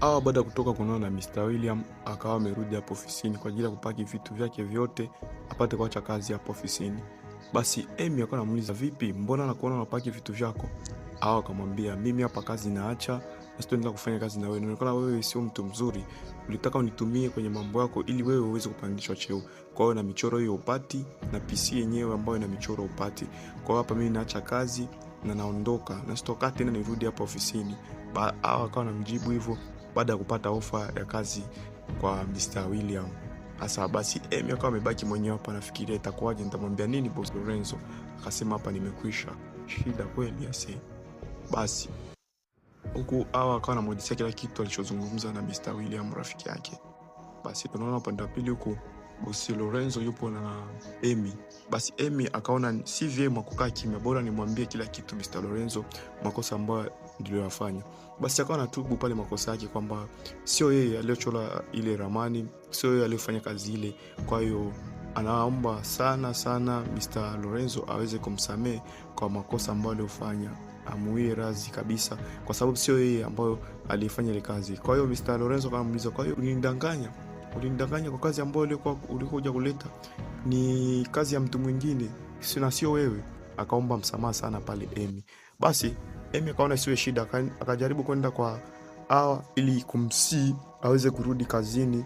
Hawa baada ya kutoka kunona na Mr. William akawa amerudi hapo ofisini kwa ajili ya kupaki vitu vyake vyote apate kuacha kazi hapo ofisini. Basi Amy akawa anamuuliza vipi, mbona nakuona unapaki vitu vyako? Hawa akamwambia mimi hapa kazi naacha na sitaendelea kufanya kazi na wewe. Inaonekana wewe sio mtu mzuri. Ulitaka unitumie kwenye mambo yako ili wewe uweze kupandishwa cheo. Kwa hiyo na michoro hiyo upati na PC yenyewe ambayo ina michoro upati. Kwa hiyo hapa mimi naacha kazi na naondoka na sitokaa tena nirudi hapa ofisini. Ba, Hawa akawa anamjibu hivyo baada ya kupata ofa ya kazi kwa Mr. William. Asa basi Emi akawa amebaki mwenyewe hapa, nafikiria itakuwaje, nitamwambia nini boss Lorenzo? Akasema hapa nimekwisha, shida kweli ase. Basi huku hawa akawa anamwelezea kila kitu alichozungumza na Mr. William rafiki yake. Basi tunaona upande wa pili huku bosi Lorenzo yupo na Emi. Basi Emi akaona si vyema kukaa kimya, bora nimwambie kila kitu Mr. Lorenzo, makosa ambayo niliyoyafanya. Basi akawa natubu pale makosa yake kwamba sio yeye aliyochora ile ramani, sio yeye aliyofanya kazi ile. Kwa hiyo anaomba sana sana Mr. Lorenzo aweze kumsamee kwa makosa ambayo aliyofanya, amuie razi kabisa, kwa sababu sio yeye ambayo alifanya ile kazi. Kwa hiyo Mr. Lorenzo akamuuliza, kwa hiyo ulinidanganya, ulinidanganya kwa kazi ambayo ulikuwa ulikuja kuleta ni kazi ya mtu mwingine, na sio wewe. Akaomba msamaha sana pale Emi basi Emi akaona siwe shida, akajaribu kwenda kwa Awa ili kumsi aweze kurudi kazini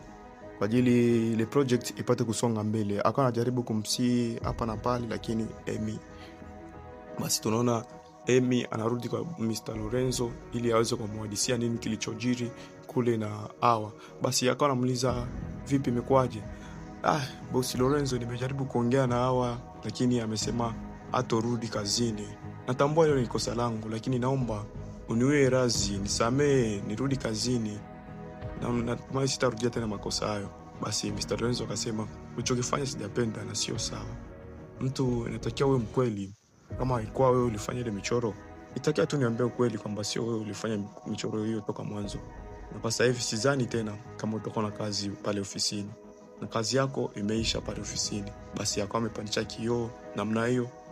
kwa ajili ile project ipate kusonga mbele. Akawa anajaribu kumsi hapa na pale, lakini Emi basi, tunaona Emi anarudi kwa Mr. Lorenzo ili aweze kumwadisia nini kilichojiri kule na Awa. Basi akawa anamuuliza vipi, imekwaje? Ah, bosi Lorenzo, nimejaribu kuongea na Awa lakini amesema hatorudi kazini. Natambua hilo ni kosa langu, lakini naomba uniwe razi, nisamee nirudi kazini na natumai sitarudia tena makosa hayo. Basi Mr. Lorenzo akasema, ulichokifanya sijapenda na sio sawa. Mtu inatakiwa uwe mkweli. Kama ilikuwa wewe ulifanya ile michoro, itakiwa tu niambie ukweli kwamba sio wewe ulifanya michoro hiyo toka mwanzo. Na kwa sasa hivi sidhani tena kama utakuwa na kazi pale ofisini, na kazi yako imeisha pale ofisini. Basi akawa amepandisha kioo namna hiyo